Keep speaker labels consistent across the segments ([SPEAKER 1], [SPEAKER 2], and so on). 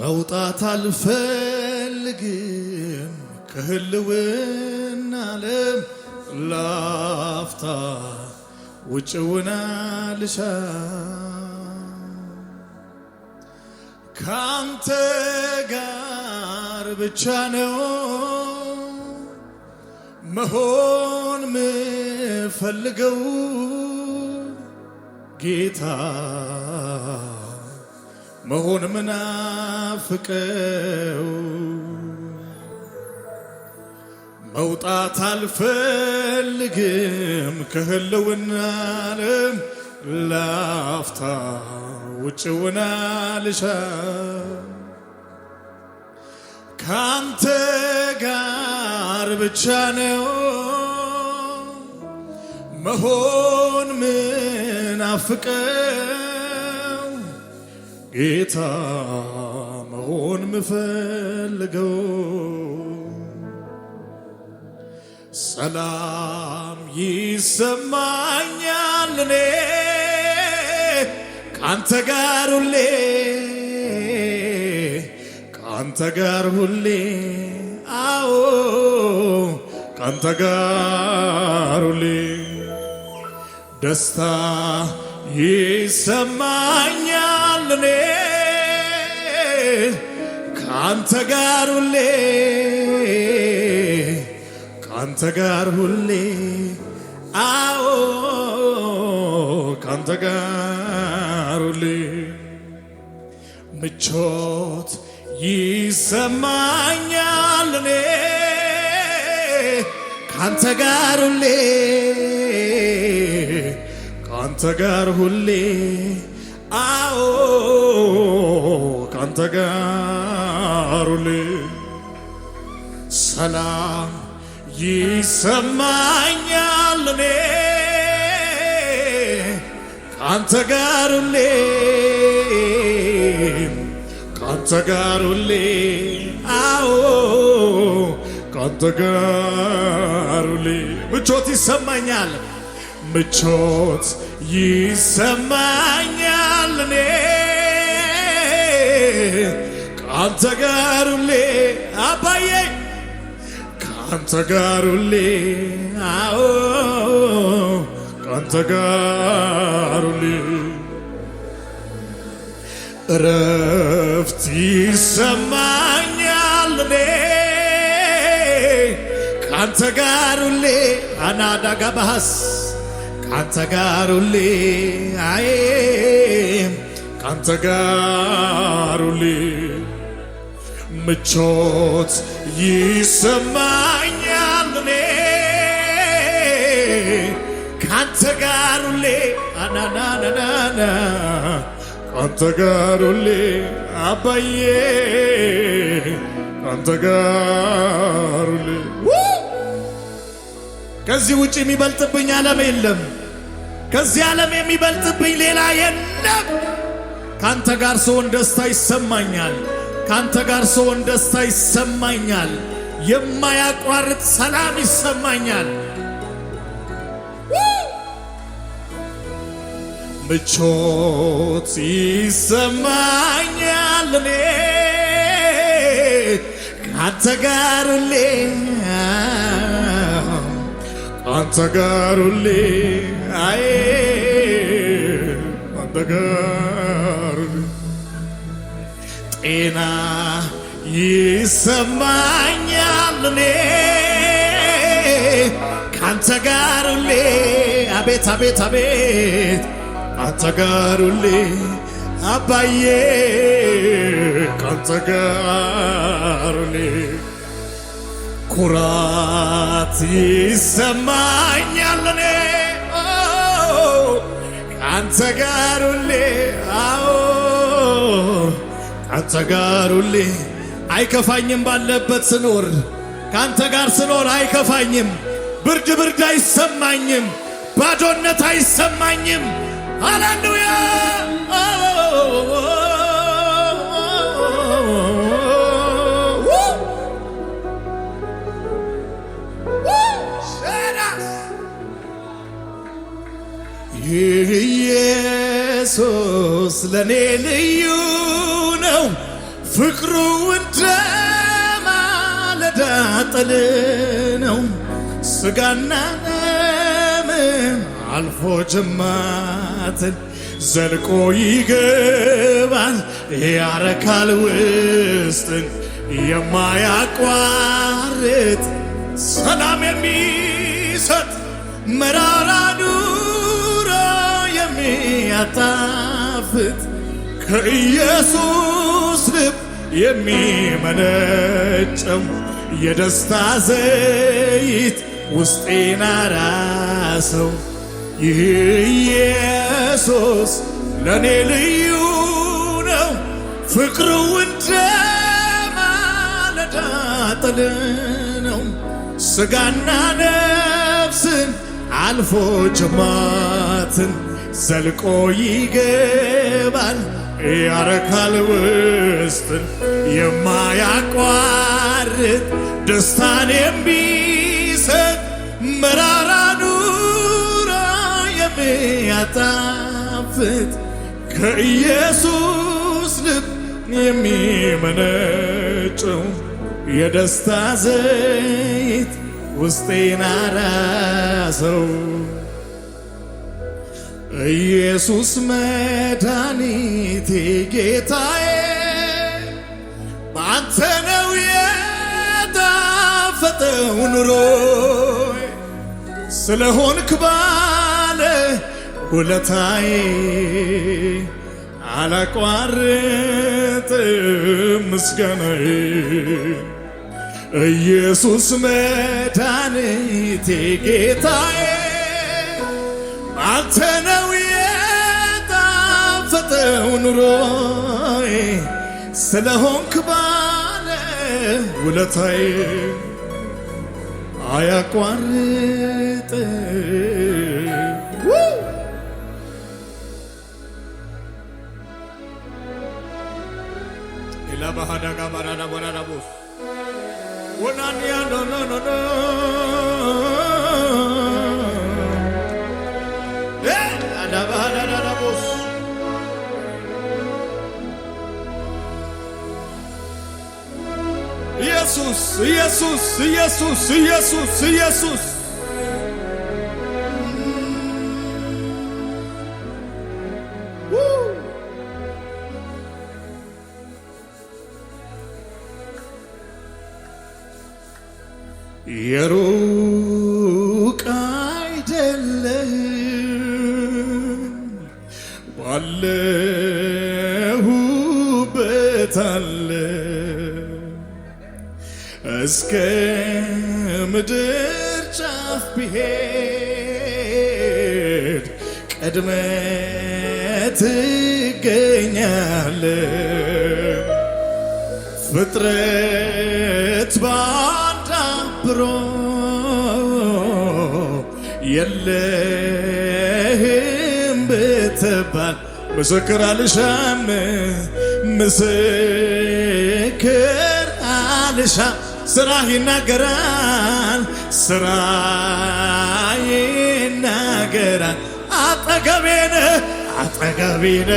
[SPEAKER 1] መውጣት አልፈልግም ከህልውና ዓለም ላፍታ ውጭውን ልሻ ካንተ ጋር ብቻ ነው መሆን ምፈልገው ጌታ መሆን ምናፍቀው መውጣት አልፈልግም ከህልውና ዓለም ላፍታ ውጭውና ካንተ ጋር ብቻ ነው መሆን ምናፍቀው ጌታ መሆን ምፈልገው ሰላም ይሰማኛል እኔ ካንተ ጋር ሁሌ ካንተ ጋር ሁሌ አዎ ካንተ ጋር ሁሌ ደስታ ይሰማኛል ለኔ ከአንተ ጋር ሁሌ ከአንተ ጋር ሁሌ አዎ ከአንተ ጋር ሁሌ ምቾት ይሰማኛል እኔ ካንተ ጋር ሁሌ ካንተ ጋር ሁሌ አዎ ካንተ ጋሩል ሰላም ይሰማኛል እኔ ካንተ ጋሩል ካንተ ጋሩል አዎ ካንተ ጋሩል ምቾት ይሰማኛል ምቾት ይሰማኛል እኔ ከአንተ ጋር ሁሌ አባዬ ከአንተ ጋር ሁሌ አዎ ከአንተ ጋር ሁሌ እረፍት ይሰማኛል እኔ ከአንተ ጋር ሁሌ አናዳጋ ካንተ ጋር ሁሌ አይ ካንተ ጋር ሁሌ ምቾት ይሰማኛል እኔ ካንተ ጋር ሁሌ ካንተ ጋር ሁሌ አባዬ ካንተ ጋር ሁሌ ከዚህ ውጭ የሚበልጥብኝ ዓለም የለም። ከዚህ ዓለም የሚበልጥብኝ ሌላ የለም። ካንተ ጋር ስሆን ደስታ ይሰማኛል። ካንተ ጋር ስሆን ደስታ ይሰማኛል። የማያቋርጥ ሰላም ይሰማኛል። ምቾት ይሰማኛል። እኔ ካንተ ጋር ሌላ ከአንተ ጋር ሁሌ አይ አንተ ጋር ጤና ይሰማኛል እኔ ከአንተ ጋር ሁሌ አቤት አቤት አቤት ከአንተ ጋር ሁሌ አባዬ ጋር ሁሌ ኩራት ይሰማኛል እኔ ካንተ ጋር ሁሌ አዎ ጋር ሁሌ አይከፋኝም ባለበት ስኖር ካንተ ጋር ስኖር አይከፋኝም ብርድ ብርድ አይሰማኝም ባዶነት አይሰማኝም ሃሌሉያ ይህ ኢየሱስ ለኔ ልዩ ነው ፍቅሩ እንደ ማለዳ ጥል ነው ስጋና ደምን አልፎ ጅማትን ዘልቆ ይገባል ያረካል ውስጥን የማያቋርጥ ሰላም የሚሰጥ መራራዱ የሚያጣፍጥ ከኢየሱስ ልብ የሚመነጨው የደስታ ዘይት ውስጤን አራሰው። ይህ ኢየሱስ ለእኔ ልዩ ነው፣ ፍቅሩ እንደ ማለዳ ጥል ነው። ሥጋና ነፍስን አልፎ ጭማትን! ዘልቆ ይገባል ያረካል ውስጥን የማያቋርጥ ደስታን የሚሰጥ መራራ ኑሮ የሚያጣፍጥ ከኢየሱስ ልብ የሚመነጨው የደስታ ዘይት ውስጤን አራሰው። ኢየሱስ መድኃኒቴ ጌታዬ በአንተ ነው የጣፈጠው ኑሮ ስለሆንክ ባለ ውለታዬ አላቋርጥም ምስጋናዬ ኢየሱስ መድኃኒቴ ጌታዬ አንተ ነው ነው ኑሮዬ ስለሆንክ ባለ ውለታዬ አያቋርጥ ኢላባሃዳጋ ባራዳ ወናንያ ኖ ኖ ኖ ኢየሱስ ኢየሱስ ኢየሱስ ኢየሱስ ኢየሱስ ብሄድ ቀድመ ትገኛለ ፍጥረት ባዳብሮ የለህም ብትባል ምስክር አልሻም ምስክር አልሻ ስራህ ይናገራል ስራዬ ይናገራል። አጠገቤን አጠገቤን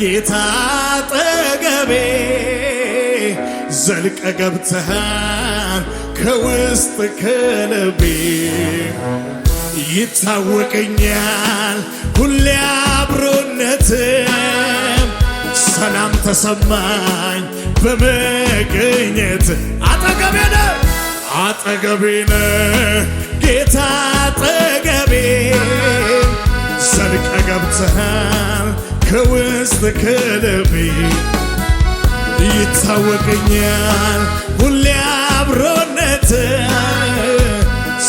[SPEAKER 1] ጌታ አጠገቤ ዘልቀ ገብተሃል ከውስጥ ከልቤ ይታወቀኛል ሁሌ አብሮነትም ሰላም ተሰማኝ በመገኘት አጠገቤ አጠገቤ ነህ ጌታ አጠገቤ ዘልቀ ገብተሃል ከውስጥ ከልቤ ይታወቀኛል ሁሌ አብሮነት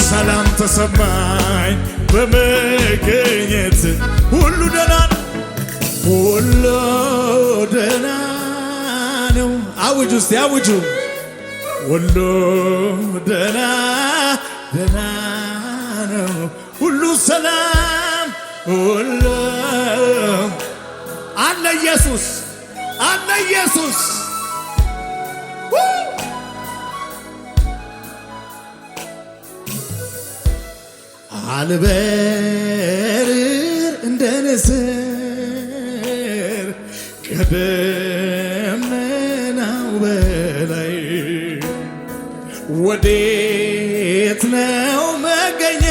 [SPEAKER 1] ሰላም ተሰማኝ በመገኘት ሁሉ ደህና ሁሉ ደህና ነው አውጅ ውስጥ አውጁ ሁሉ ደና ደህና ነው፣ ሁሉ ሰላም፣ ሁሉ አለ። ኢየሱስ አለ። ኢየሱስ አልበርር እንደ ንስር ወዴት ነው መገኛ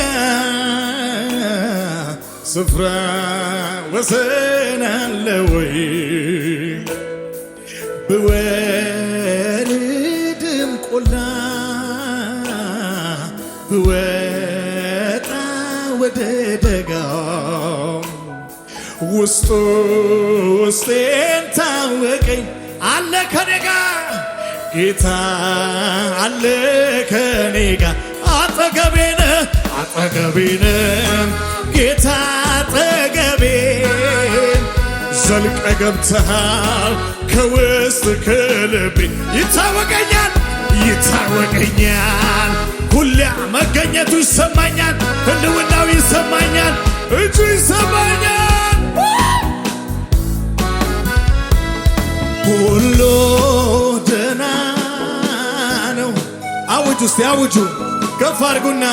[SPEAKER 1] ስፍራ ወሰን አለ ወይ? ብወርድም ቆላ ብወጣ ወደ ደጋው ውስጡ ውስጤን ታወቀኝ አለ ከደጋ ጌታ አለ ከኔ ጋር አጠገቤ ነህ አጠገቤ ጌታ አጠገቤ ዘልቀ ገብተሃል ከውስጥ ከልቤ ይታወቀኛል ይታወቀኛል ሁሌ መገኘቱ ይሰማኛል ህልውናው ይሰማኛል እጁ ይሰማኛል ሁሉ ደህና አውጁ እስቲ አውጁ፣ ከፍ አድርጉና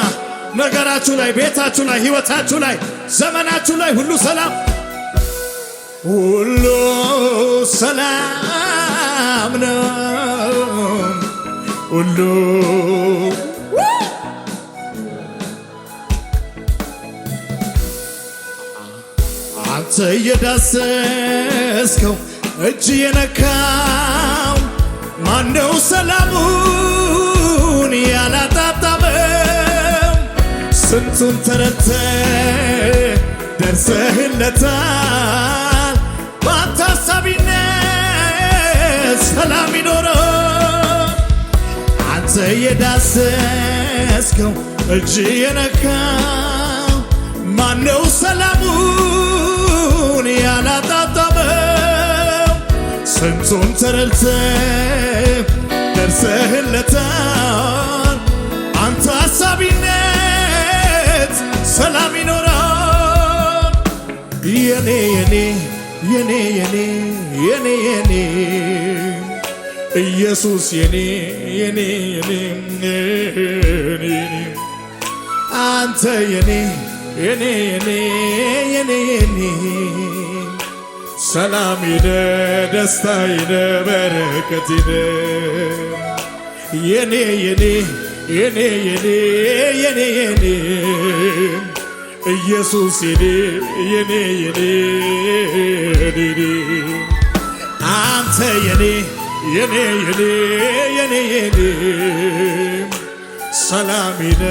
[SPEAKER 1] ነገራችሁ ላይ፣ ቤታችሁ ላይ፣ ሕይወታችሁ ላይ፣ ዘመናችሁ ላይ ሁሉ ሰላም፣ ሁሉ ሰላም ነው። ሁሉ አንተ የዳሰስከው እጅ የነካው ማነው ሰላሙ ስንቱን ተረተ ደርሰህለታል በአንተ አሳቢነት ሰላም ይኖረ አንተ የዳሰስከው እጅ የነካው ማነው ሰላሙን ያላጣጣመው ስንቱን ተረድተህ ደርሰህለታል የኔ የኔ የኔ የኔ የኔ የኔ ኢየሱስ የኔ የኔ የኔ አንተ የኔ የኔ የኔ የኔ የኔ ሰላም ይደ ደስታ ይደ በረከት ይደ የኔ የኔ የኔ የኔ የኔ የኔ ኢየሱስ የኔ የኔ አንተ የኔ የኔ የኔ የኔ የኔ ሰላሜነ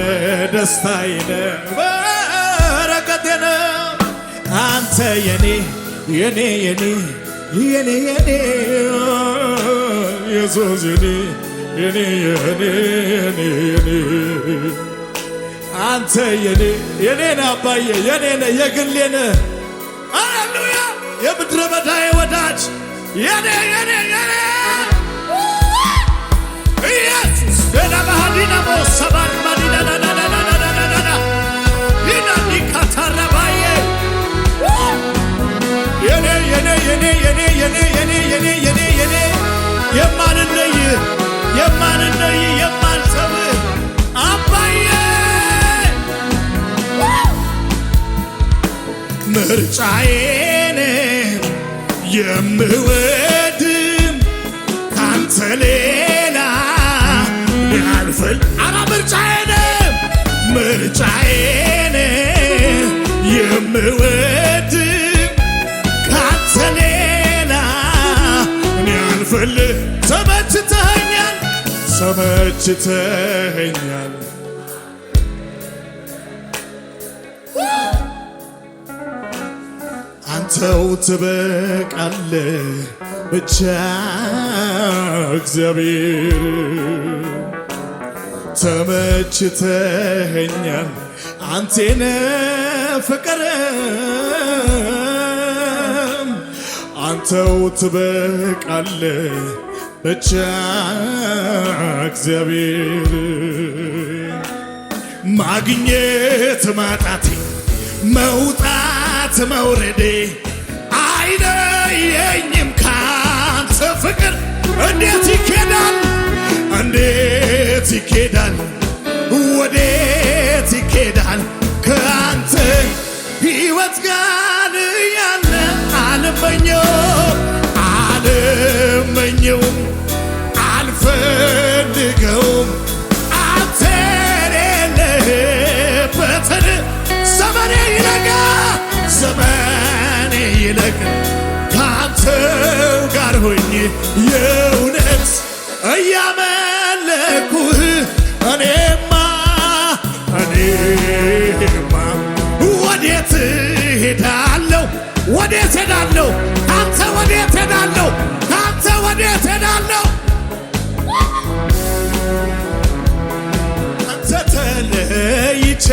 [SPEAKER 1] ደስታዬነ በረከቴነ አንተ የኔ የኔ የኔ የኔ የኔ ኢየሱስ የኔ የኔ የኔ የኔ የኔ አንተ የኔ የኔ ነህ አባዬ የኔ ነህ የግሌ ነህ። ሃሌሉያ የምድረ በዳዬ ወዳጅ የኔ የኔ የኔ ምርጫዬን የምወድም ካንተ ሌላ ያልፈል አራ ምርጫዬን ምርጫዬን የምወድም ካንተ ሌላ ያልፈል ተመችተኸኛል ተመችተኸኛል ሰው ትበቃለ ብቻ እግዚአብሔር ተመችተኸኛል አንቴነ ፍቅርም አንተው ትበቃለ ብቻ እግዚአብሔር ማግኘት ማጣቴ መውጣት መውረዴ ፍቅር እንዴት ይኬዳል? እንዴት ይኬዳል? ወዴት ይኬዳል? ከአንተ ሕይወት ጋር ያለ አልመኘው አልመኘውም አልፈ ሁኝ የእውነት እያመለኩህ እኔማ እኔማ ወዴት ሄዳለሁ ወዴት ሄዳለሁ ካንተ ወዴት ሄዳለሁ ካንተ ወዴት ሄዳለሁ አንተ ተለይቼ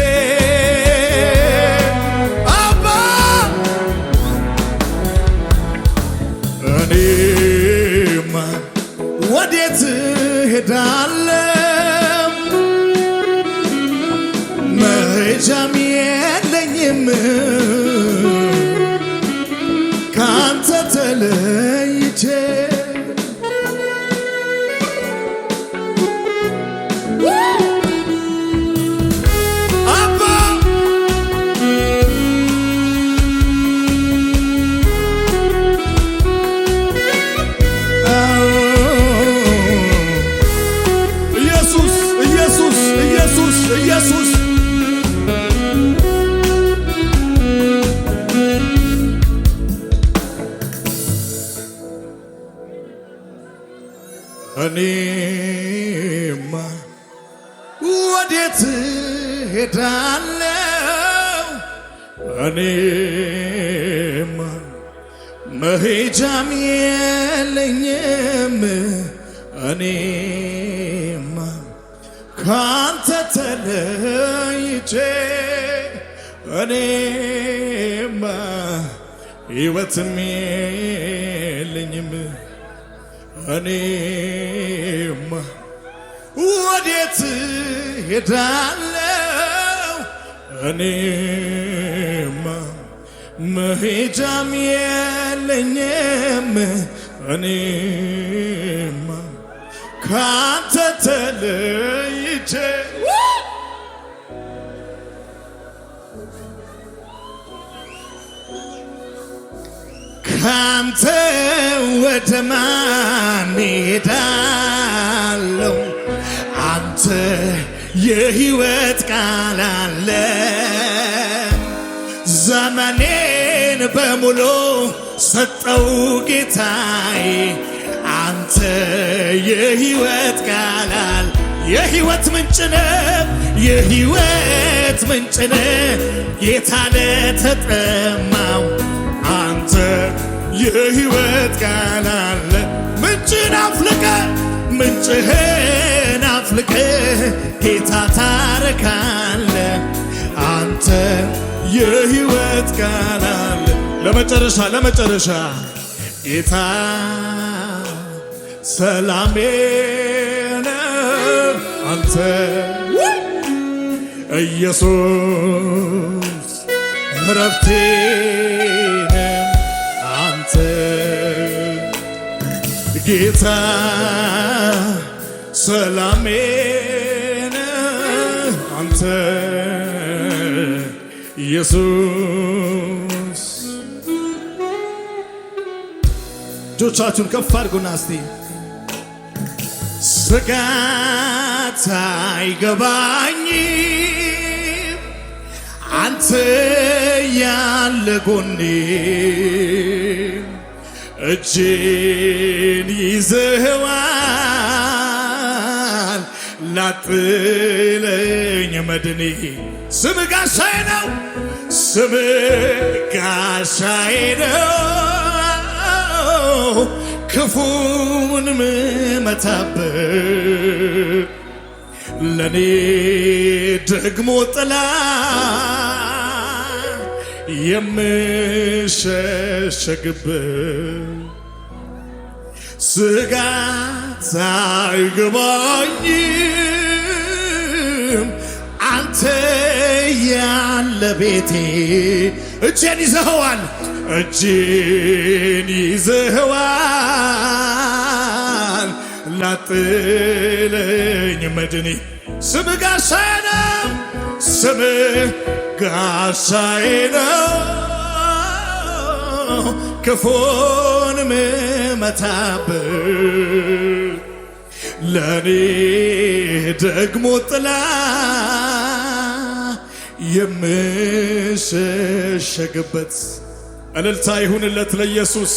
[SPEAKER 1] እኔማ ወዴት ሄዳለው? እኔማ መሄጃም የለኝም። እኔማ ካንተ ተለይቼ እኔማ ሕይወትም የለኝም እኔማ ወዴት ሄዳለው? እኔማ መሄጃም የለኝም። እኔማ ካንተ ተለይቼ ካንተ ወደ ማን ሄዳለው! አንተ የሕይወት ቃል አለ። ዘመኔን በሙሉ ሰጠው ጌታዬ። አንተ የህይወት ቃላል አለ። ምንጭነ ምንጭ ነህ፣ የሕይወት ምንጭ ጌታ ለተጠማው አንተ የህይወት ቃል አለ ምንጭን አፍልቀ ምንጭህን አፍልቀ ጌታ ታረካለ አንተ የህይወት ቃል አለ ለመጨረሻ ለመጨረሻ ጌታ ሰላሜ አንተ ኢየሱስ ረብቴ ጌታ ሰላሜን አንተ ኢየሱስ። እጆቻችሁን ከፍ አድርጉና እስቲ ስጋት አይገባኝም አንተ ያለ ጎኔ እጄን ይዘህዋል ላጥለኝ መድኔ ስም ጋሻዬ ነው፣ ስም ጋሻዬ ነው ክፉን ምመታበት ለእኔ ደግሞ ጥላ የምሸሸግበት ስጋት አይገባኝም። አንተ ያለ ቤቴ እጄን ይዘኸዋል፣ እጄን ይዘኸዋል። ላጥለኝ መድኔ ስምህ ጋሻዬ ነው ስምህ ካሳዬ ነው ክፉን ምመታበት ለኔ ደግሞ ጥላ የምሸሸግበት እልልታ ይሁንለት ለኢየሱስ።